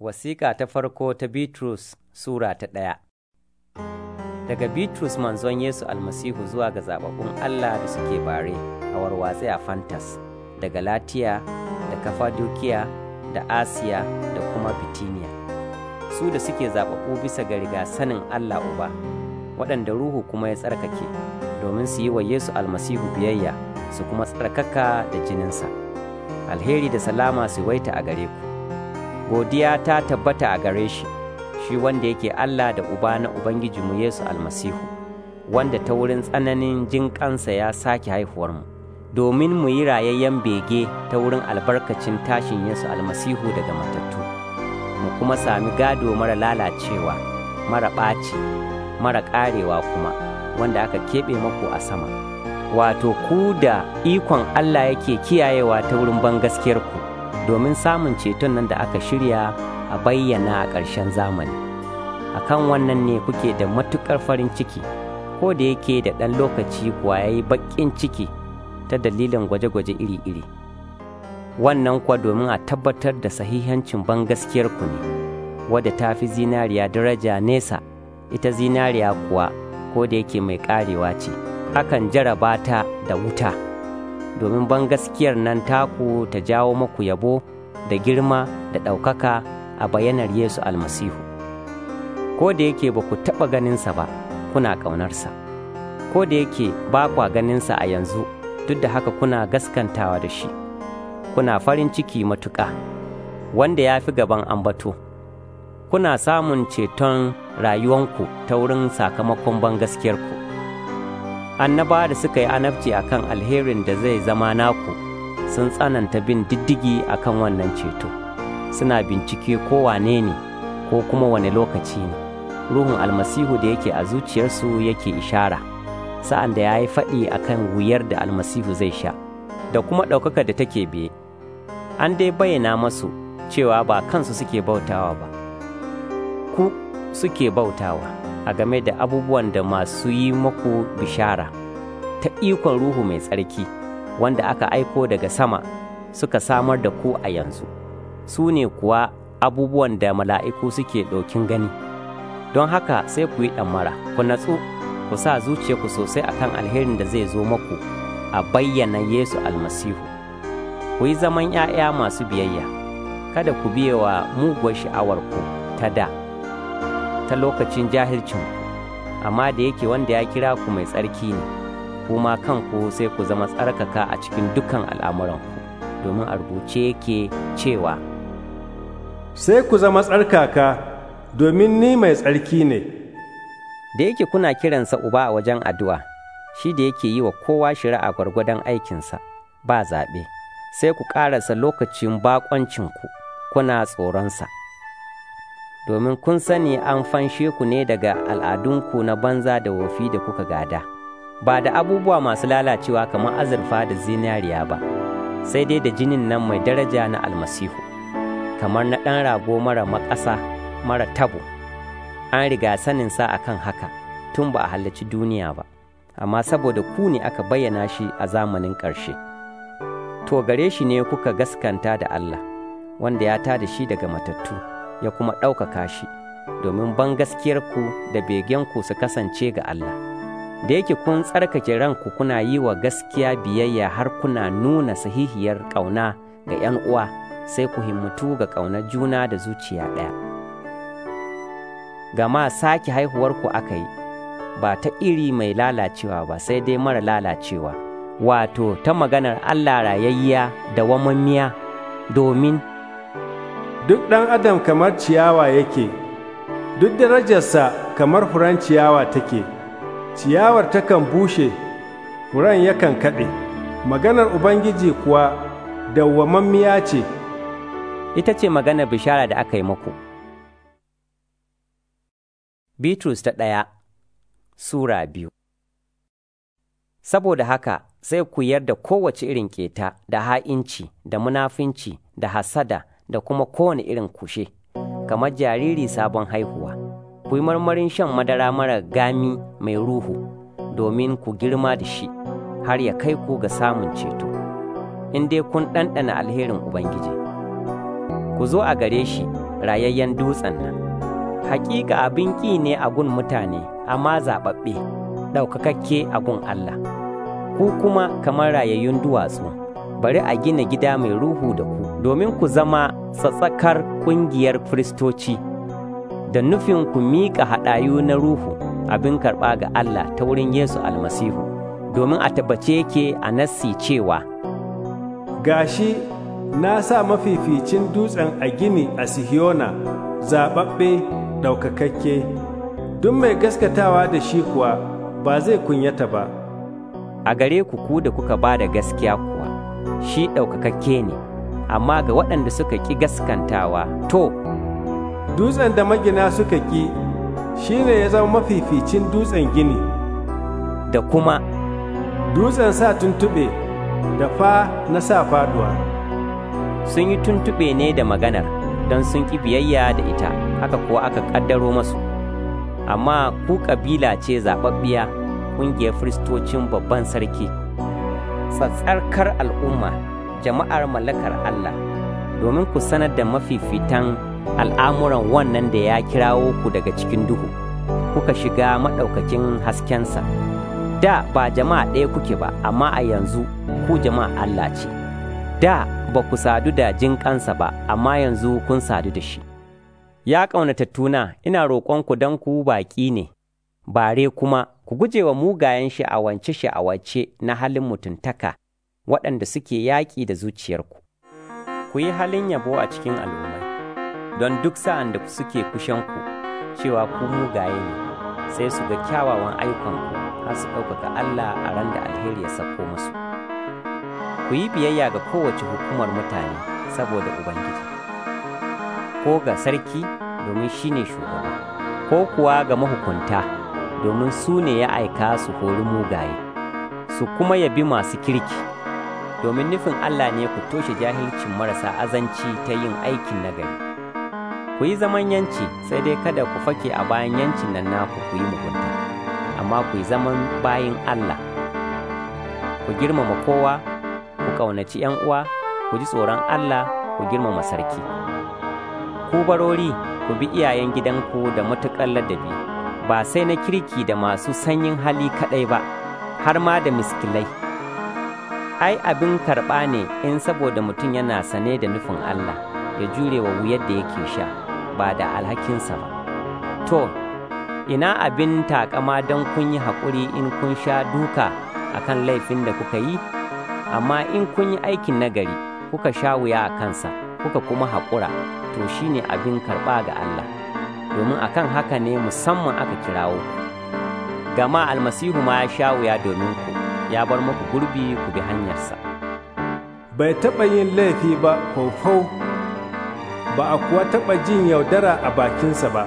Wasiƙa ta farko ta Bitrus Sura ta ɗaya Daga Bitrus manzon Yesu almasihu zuwa ga zababbun Allah da suke bare a warwatse a Fantas, daga Latiya da Kafadukiya, da Asiya, da kuma Bitiniya. Su da suke zababbu bisa ga riga sanin Allah Uba, waɗanda Ruhu kuma ya tsarkake, domin su yi wa Yesu almasihu biyayya, su kuma tsarkaka da jininsa. Alheri da salama su waita a gare ku. godiya ta tabbata a gare shi shi wanda yake Allah da uba na ubangijinmu Yesu almasihu wanda ta wurin tsananin jin kansa ya sake haihuwarmu domin mu yi rayayyen bege ta wurin albarkacin tashin Yesu almasihu daga matattu mu kuma sami gado mara lalacewa mara ɓaci mara ƙarewa kuma wanda aka keɓe mako a sama wato ku da ikon Allah yake kiyayewa ta wurin bangaskiyarku domin samun ceton nan da aka shirya a bayyana a ƙarshen zamani A kan wannan ne kuke da matuƙar farin ciki ko da yake da ɗan lokaci kuwa ya yi baƙin ciki ta dalilin gwaje-gwaje iri-iri wannan kuwa domin a tabbatar da sahihancin ban gaskiyarku ne wadda ta fi zinariya daraja nesa ita zinariya kuwa ko da yake mai ƙarewa ce akan jaraba ta da wuta. domin ban gaskiyar nan taku ta jawo maku yabo da girma da ɗaukaka a bayanar Yesu almasihu. Ko da yake ba ku taɓa ganinsa ba, kuna ƙaunarsa. Ko da yake ba kwa ganinsa a yanzu, duk da haka kuna gaskantawa da shi. Kuna farin ciki matuƙa, wanda ya fi gaban ambato. Kuna samun ceton rayuwanku ta wurin sakamakon ban gaskiyarku. annaba da suka yi anabci akan alherin da zai zama naku sun tsananta bin diddigi akan wannan ceto suna bincike ko wane ne ko kuma wane lokaci ne ruhun almasihu da yake a zuciyarsu yake ishara sa'an da ya yi faɗi akan wuyar da almasihu zai sha da kuma ɗaukaka da take biye an dai bayyana masu cewa ba kansu suke bautawa ba ku suke bautawa a game da abubuwan da masu yi maku bishara ta ikon ruhu mai tsarki wanda aka aiko daga sama suka samar da ku a yanzu su ne kuwa abubuwan da mala'iku suke ɗokin gani don haka sai ku yi mara, ku natsu ku sa zuciyarku sosai akan alherin da zai zo maku a bayyana yesu almasihu ku yi zaman ‘ya'ya masu biyayya kada ku biye wa muguwar ku ta da ta lokacin jahilcin amma da yake wanda ya kira ku mai tsarki ne kuma kanku sai ku zama tsarkaka a cikin dukan al'amuranku domin a rubuce yake cewa sai ku zama tsarkaka domin ni mai tsarki ne da yake kuna kiransa uba a wajen addu'a shi da yake yi wa kowa shari'a gwargwadon aikinsa ba zaɓe sai ku ƙarasa lokacin baƙoncinku kuna tsoronsa. domin kun sani an fanshe ku ne daga al'adunku na banza da wofi da kuka gada, ba da abubuwa masu lalacewa kamar azurfa da zinariya ba, sai dai da jinin nan mai daraja na almasihu, kamar na ɗan rago mara makasa mara tabo. An riga saninsa a kan haka tun ba a halarci duniya ba, amma saboda ku ne aka bayyana shi a zamanin ƙarshe. To gare shi ne kuka gaskanta da Allah, wanda ya tada shi daga matattu. ya kuma ɗaukaka shi domin ban gaskiyarku da begenku su kasance ga Allah. Da yake kun tsarkake ranku kuna yi wa gaskiya biyayya har kuna nuna sahihiyar ƙauna ga 'yan uwa sai ku himmatu ga ƙauna juna da zuciya ɗaya. Gama sake haihuwarku aka yi, ba ta iri mai lalacewa ba sai dai mara lalacewa, wato ta maganar Allah rayayya da wamammiya domin duk ɗan adam kamar ciyawa yake duk darajarsa kamar furen ciyawa take ciyawar takan bushe furen yakan kaɗe maganar ubangiji kuwa dawwamammiya ce ita ce maganar bishara da aka yi muku bitrus ta ɗaya sura biyu saboda haka sai ku yarda kowace irin keta da ha'inci da munafinci da hasada da kuma kowane irin kushe, kamar jariri sabon haihuwa. Ku yi marmarin shan madara mara gami mai ruhu domin ku girma da shi har ya kai ku ga samun ceto. In dai kun ɗanɗana alherin Ubangiji, ku zo a gare shi rayayyen dutsen nan. Hakika abin ƙi ne a gun mutane, amma zaɓaɓɓe, ɗaukakakke a gun Allah. Ku kuma kamar rayayyun duwatsu. bari a gina gida mai ruhu da ku domin ku zama tsatsakar ƙungiyar firistoci da nufin ku miƙa haɗayu na ruhu abin karɓa ga Allah ta wurin Yesu almasihu domin a tabbace yake a nassi cewa gashi na sa mafificin dutsen a gini a Sihiyona zaɓaɓɓe ɗaukakakke duk mai gaskatawa da shi kuwa ba zai kunyata ba a gare ku ku da kuka ba da gaskiya ku shi ɗaukakakke ne, amma ga waɗanda suka ƙi gaskantawa to, dutsen da magina suka ƙi shi ne ya zama mafificin dutsen gini, da kuma dutsen sa tuntuɓe da fa na sa faduwa. Sun yi tuntuɓe ne da maganar don sun ƙi biyayya da ita, haka kuwa aka ƙaddaro masu. Amma ku ƙabila ce zaɓaɓɓiya ƙungiyar firistocin babban sarki. tsattsarkar al'umma jama'ar mallakar Allah domin ku sanar da mafifitan al'amuran wannan da ya kirawo ku daga cikin duhu kuka shiga maɗaukakin haskensa da ba jama'a ɗaya kuke ba amma a yanzu ku jama'a Allah ce da ba ku sadu da jin kansa ba amma yanzu kun sadu da shi ya ƙaunatattuna ina roƙonku don ku baƙi ne bare kuma ku guje wa mugayen sha'awance-sha'awace na halin mutuntaka waɗanda suke yaƙi da zuciyarku. Ku yi halin yabo a cikin al'ummai, don duk sa'an da suke ku cewa ku mugaye ne, sai su ga kyawawan aikonku har su ɗaukaka Allah a ran da alheri ya sako musu. Ku yi biyayya ga kowace hukumar mutane saboda Ubangiji, ko ga sarki domin shi ne shugaba, ko kuwa ga mahukunta. domin su ne ya aika su hori mugaye su kuma yabi masu kirki domin nufin Allah ne ku toshe jahilcin marasa azanci ta yin aikin nagari ku yi zaman yanci sai dai kada ku fake a bayan yancin nan naku ku yi mugunta amma ku yi zaman bayan Allah ku girmama kowa ku ƙaunaci 'yan uwa ku ji tsoron Allah ku girmama sarki ku barori ku bi iyayen gidanku da matuƙar ladabi ba sai na kirki da masu sanyin hali kaɗai ba, har ma da miskilai. Ai, abin karɓa ne in saboda mutum yana sane da nufin Allah ya jure wa wuyar da yake sha ba da alhakinsa ba. To, ina abin takama don kun yi haƙuri in kun sha duka a kan laifin da kuka yi, amma in kun yi aikin nagari kuka sha wuya a kansa, kuka kuma haƙura, to shine abin karɓa ga Allah. domin akan haka ne musamman aka kirawo gama almasihu ma ya sha wuya domin ku ya bar muku gurbi ku bi hanyarsa bai taɓa yin laifi ba kofau ba a kuwa taɓa jin yaudara a bakinsa ba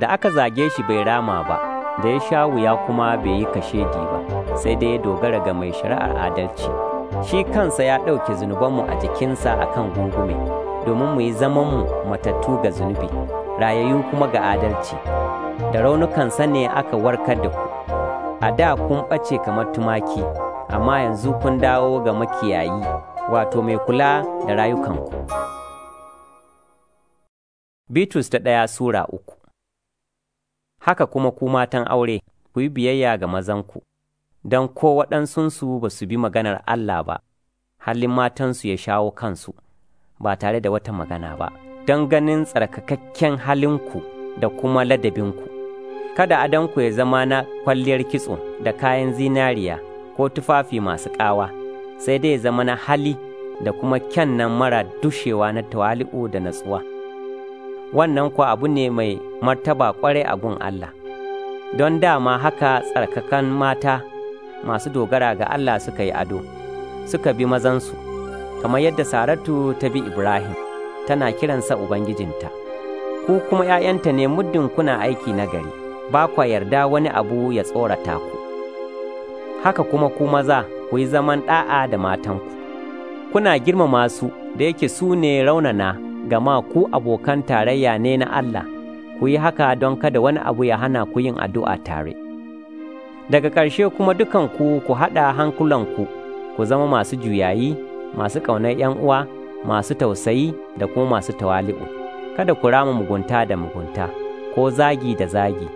da aka zage shi bai rama ba da ya sha wuya kuma bai yi kashedi ba sai da ya dogara ga mai shari'ar adalci shi kansa ya ɗauke zunubanmu a jikinsa a kan gungume domin mu yi zamanmu matattu ga zunubi rayayyu kuma ga adalci, da raunukansa ne aka warkar da ku, a da kun ɓace kamar tumaki, amma yanzu kun dawo ga makiyayi, wato mai kula da rayukanku. Bitrus ta ɗaya Sura uku Haka kuma ku matan aure, ku yi biyayya ga mazanku, don ko waɗansunsu ba su bi maganar Allah ba, halin matansu ya shawo kansu, ba tare da wata magana ba. don ganin tsarkakakken halinku da kuma ladabinku. Kada adanku ya zama na kwalliyar kitso da kayan zinariya ko tufafi masu ƙawa, sai dai zama na hali da kuma kyan nan mara dushewa na tawali'u da natsuwa. Wannan kuwa abu ne mai martaba ƙwarai gun Allah, don dama haka tsarkakan mata masu dogara ga Allah suka yi ado, suka bi mazansu, kamar yadda Saratu ta bi Ibrahim. tana kiransa Ubangijinta, ku kuma ’ya'yanta ne muddin kuna aiki nagari, ba kwa yarda wani abu ya tsorata ku. Haka kuma ku maza ku yi zaman ɗa'a da matanku, kuna girmama su da yake su ne raunana gama ku abokan tarayya ne na Allah, ku yi haka don kada wani abu ya hana ku yin addu'a tare. Daga ƙarshe kuma dukanku ku haɗa hankulanku, ku zama masu juyayi, masu ƙaunar 'yan uwa. masu tausayi da kuma masu tawali'u kada ku rama mugunta da mugunta ko zagi da zagi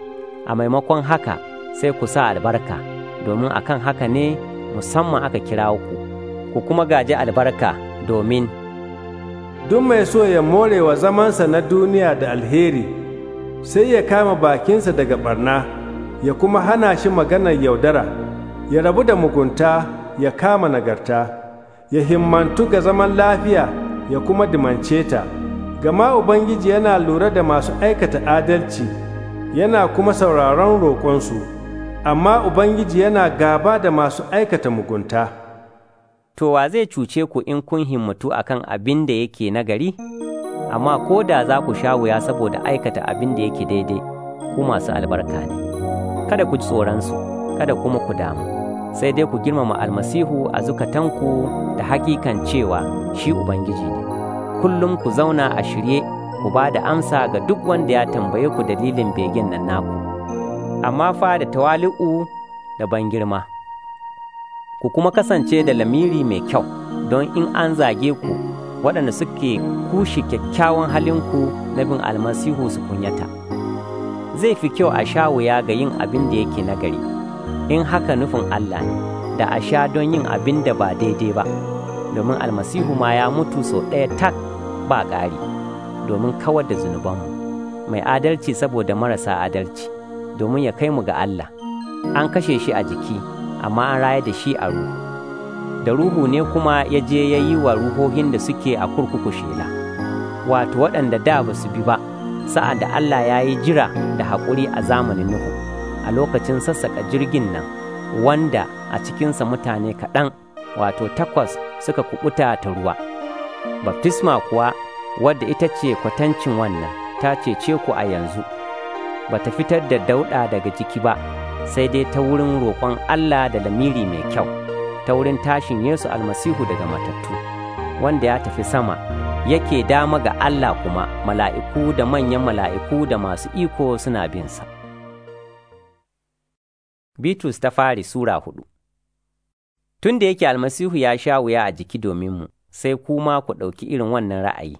a maimakon haka sai ku sa albarka domin akan haka ne musamman aka kira ku ku kuma gaji albarka domin duk mai so ya more wa zamansa na duniya da alheri sai ya kama bakinsa daga barna ya kuma hana shi maganar yaudara ya rabu da mugunta ya kama nagarta. ya himmantu ga zaman lafiya ya kuma dimance ta gama ubangiji yana lura da masu aikata adalci yana kuma sauraron roƙonsu amma ubangiji yana gaba da masu aikata mugunta to wa zai cuce ku in kun himmatu akan abin da yake nagari amma ko da za ku sha wuya saboda aikata abin da yake daidai ku masu albarka ne kada ku ji tsoronsu kada kuma ku damu sai dai ku girmama almasihu a zukatanku da hakikan cewa shi Ubangiji ne. Kullum ku zauna a shirye ku ba da amsa ga duk wanda ya tambaye ku dalilin begen nan naku. Amma fa da tawali'u da ban girma. Ku kuma kasance da lamiri mai kyau don in an zage ku waɗanda suke kushe kyakkyawan halinku na bin almasihu su kunyata. Zai fi kyau a sha wuya ga yin abin da yake nagari. in haka nufin Allah ne da a sha don yin abin da ba daidai ba domin almasihu ma ya mutu sau ɗaya tak ba ƙari domin kawar da zunubanmu mai adalci saboda marasa adalci domin ya kai mu ga Allah an kashe shi a jiki amma an raya da shi a ruhu da ruhu ne kuma ya je ya yi wa ruhohin da suke a kurkuku shela wato waɗanda da ba su bi ba sa'ad da Allah ya yi jira da haƙuri a zamanin Nuhu. a lokacin sassaƙa jirgin nan wanda a cikinsa mutane kaɗan wato takwas suka kubuta ta ruwa baftisma kuwa wadda ita ce kwatancin wannan ta cece ku a yanzu ba ta fitar da dauɗa daga jiki ba sai dai ta wurin roƙon Allah da lamiri mai kyau ta wurin tashin Yesu almasihu daga matattu wanda ya tafi sama yake dama ga Allah kuma mala'iku da manyan mala'iku da masu iko suna binsa. Bitrus ta fari Sura hudu Tun da yake almasihu ya sha wuya a jiki domin mu, sai kuma ku ɗauki irin wannan ra'ayi.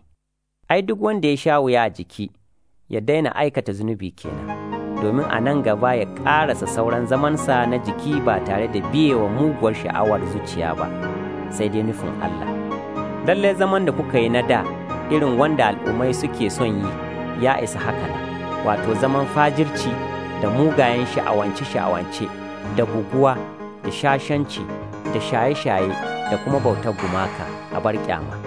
Ai, duk wanda ya sha wuya a jiki, ya daina aikata zunubi kenan, domin a nan gaba ya ƙarasa sauran zamansa na jiki ba tare da biye wa muguwar sha'awar zuciya ba, sai dai nufin Allah. Lallai zaman da kuka yi na da, irin wanda al'ummai suke son yi, ya isa haka wato zaman fajirci. da mugayen sha'awance-sha'awance da buguwa da shashanci da shaye-shaye da kuma bautar gumaka a bar kyama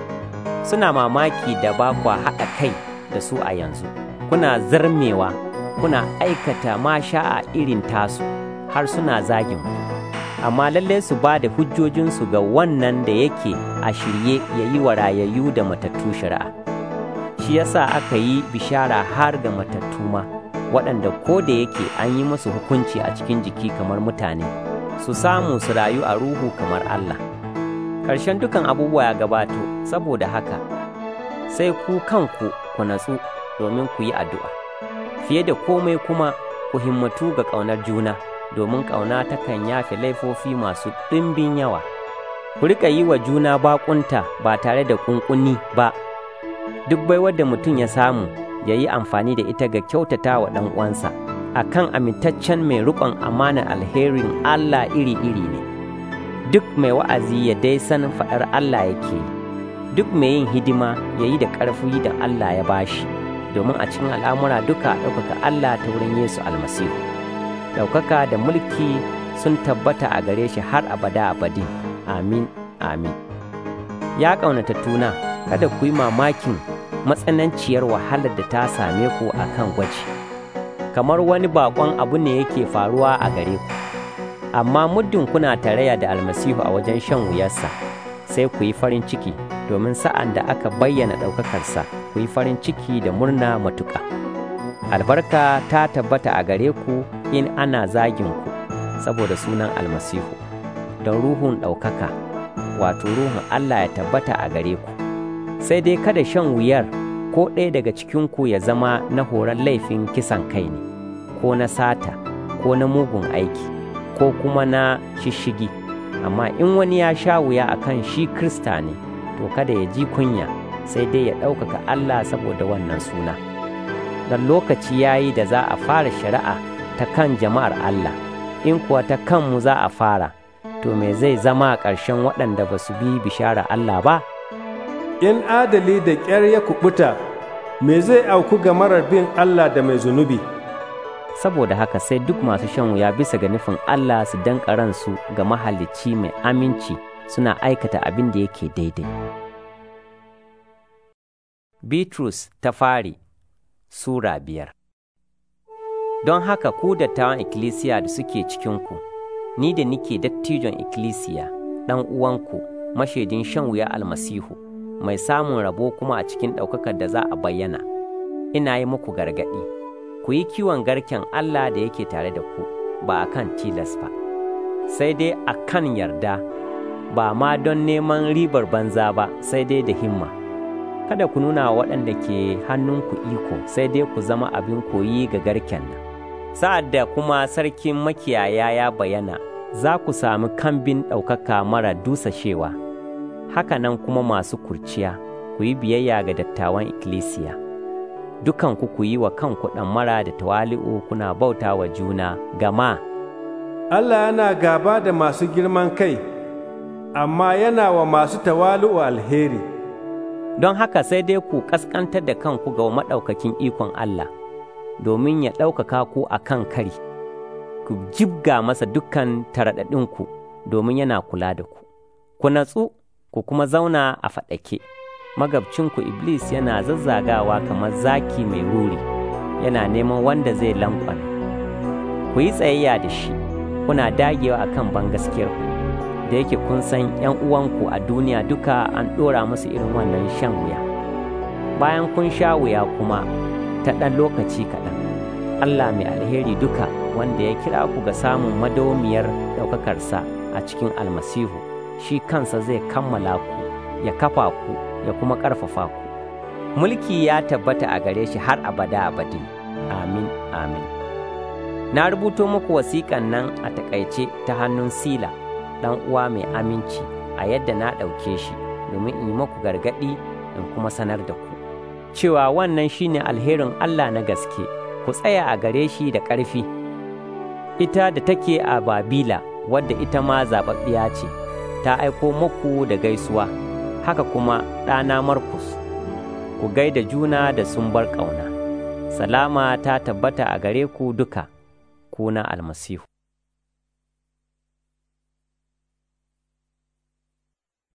suna mamaki da ba kwa haɗa kai da su a yanzu kuna zarmewa kuna aikata masha'a irin tasu har suna zagin amma lallai su ba da hujjojinsu ga wannan da yake a shirye ya yi wa rayayyu da matattu shari'a shi yasa aka yi bishara har ga matattu ma waɗanda ko da yake an yi musu hukunci a cikin jiki kamar mutane su samu su rayu a ruhu kamar Allah ƙarshen dukan abubuwa ya gabato saboda haka sai ku kanku ku natsu domin ku yi addu'a fiye da komai kuma ku himmatu ga ƙaunar juna domin ƙauna takan yafe laifofi masu ɗimbin yawa ku riƙa yi wa juna baƙunta ba tare da ƙunƙuni ba duk bai wadda mutum ya samu ya yi amfani da ita ga kyautata wa ɗan uwansa a kan amintaccen mai riƙon amanar alherin Allah iri-iri ne duk mai wa'azi ya dai san faɗar Allah yake duk mai yin hidima ya yi da ƙarfi da Allah ya bashi domin a cikin al'amura duka ɗaukaka Allah ta wurin Yesu almasihu ɗaukaka da mulki sun tabbata a gare shi har abada abadin amin amin ya ƙaunatattuna kada ku yi mamakin matsananciyar wahalar da ta same ku a kan gwaji kamar wani bakon abu ne yake faruwa a gare ku amma muddin kuna taraya da almasihu a wajen shan wuyarsa sai ku yi farin ciki domin sa'an da aka bayyana ɗaukakarsa ku yi farin ciki da murna matuƙa albarka ta tabbata a gare ku in ana zagin ku saboda sunan almasihu don ruhun ɗaukaka wato ruhun allah ya tabbata a gare ku sai dai kada shan wuyar ko ɗaya daga cikinku ya zama na horon laifin kisan kai ne ko na sata ko na mugun aiki ko kuma na shishigi amma in wani ya sha wuya a kan shi krista ne to kada ya ji kunya sai dai ya ɗaukaka allah saboda wannan suna don lokaci ya yi da za a fara shari'a ta kan jama'ar allah in kuwa ta kanmu za a fara to me zai zama a ƙarshen waɗanda ba su bi bishara allah ba in adali da ƙyar ya kuɓuta me zai auku ga marar bin Allah da mai zunubi saboda haka sai duk masu shan wuya bisa ga nufin Allah su danƙa ransu ga mahalicci mai aminci suna aikata abin da yake daidai Bitrus ta fari Sura biyar Don haka ku da tawon ikkilisiya da suke cikinku, ni da nike dattijon ikkilisiya, ɗan uwanku, mashaidin shan wuya almasihu. mai samun rabo kuma a cikin ɗaukakar da za a bayyana ina yi muku gargaɗi ku yi kiwon garken Allah da yake tare da ku ba a kan tilas ba sai dai a kan yarda ba ma don neman ribar banza ba sai dai da himma kada ku nuna waɗanda ke hannunku iko sai dai ku zama abin koyi ga garken nan sa'ad da kuma sarkin makiyaya ya bayyana. za ku sami kambin ɗaukaka mara dusashewa. haka nan kuma masu kurciya ku yi biyayya ga dattawan ikkilisiya dukanku ku yi wa kanku mara da tawali'u kuna bauta wa juna gama Allah yana gaba da masu girman kai amma yana wa masu tawali'u alheri don haka sai dai ku ƙasƙantar da kanku ga maɗaukakin ikon Allah domin ya ɗaukaka ku a kan kari ku jibga masa dukkan taraɗaɗinku domin yana kula da ku ku natsu ku kuma zauna a faɗake magabcinku iblis yana zazzagawa kamar zaki mai ruri yana neman wanda zai lankwana ku yi tsayayya da shi kuna dagewa a akan ku. da yake kun san 'yan uwanku a duniya duka an ɗora musu irin wannan shan wuya bayan kun sha wuya kuma ta ɗan lokaci kaɗan allah mai alheri duka wanda ya kira ku ga samun madomiyar ɗaukakarsa a cikin almasihu shi kansa zai kammala ku ya kafa ku ya kuma ƙarfafa ku mulki ya tabbata a gare shi har abada abadin amin amin na rubuto muku wasiƙan nan a takaice ta hannun sila ɗan uwa mai aminci a yadda na ɗauke shi domin in yi muku gargaɗi in kuma sanar da ku cewa wannan shine alherin allah na gaske ku tsaya a gare shi da ƙarfi ita da take a babila wadda ita ma zaɓaɓɓiya ce ta aiko muku da gaisuwa, haka kuma ɗana Markus, ku gai da juna da sumbar ƙauna. Salama ta tabbata a gare ku duka, kuna almasihu.